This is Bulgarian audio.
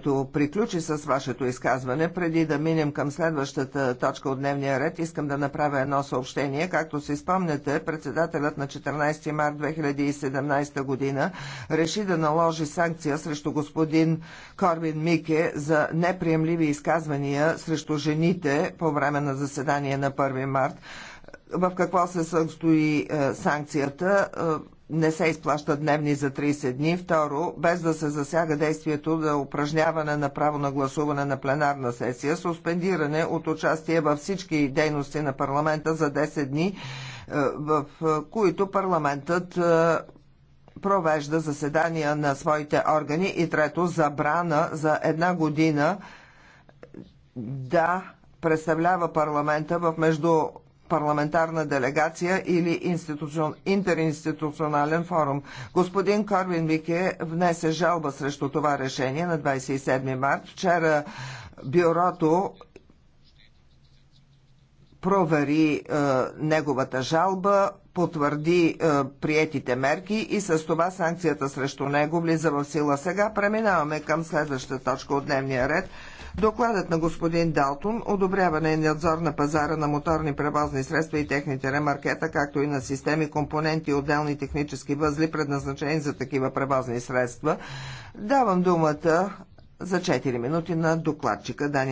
Като приключи с вашето изказване, преди да минем към следващата точка от дневния ред, искам да направя едно съобщение. Както си спомняте, председателят на 14 март 2017 година реши да наложи санкция срещу господин Корвин Мике за неприемливи изказвания срещу жените по време на заседание на 1 март. В какво се състои е, санкцията? Е, не се изплащат дневни за 30 дни. Второ, без да се засяга действието за упражняване на право на гласуване на пленарна сесия, суспендиране от участие във всички дейности на парламента за 10 дни, е, в които парламентът е, провежда заседания на своите органи и трето, забрана за една година да представлява парламента в между парламентарна делегация или интеринституционален форум. Господин Корвин Мике внесе жалба срещу това решение на 27 март. Вчера бюрото провери е, неговата жалба, потвърди е, приетите мерки и с това санкцията срещу него влиза в сила. Сега преминаваме към следващата точка от дневния ред. Докладът на господин Далтун, одобряване и надзор на пазара на моторни превозни средства и техните ремаркета, както и на системи, компоненти и отделни технически възли, предназначени за такива превозни средства. Давам думата за 4 минути на докладчика Дани